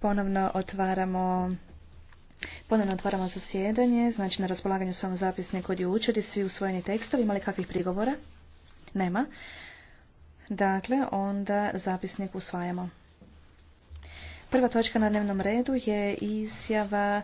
Ponovno otvaramo Ponovno otvaramo zasjedanje, znači na raspolaganju su vam zapisnik od jučer i svi usvojeni tekstovi. Imali kakvih prigovora? Nema. Dakle, onda zapisnik usvajamo. Prva točka na dnevnom redu je izjava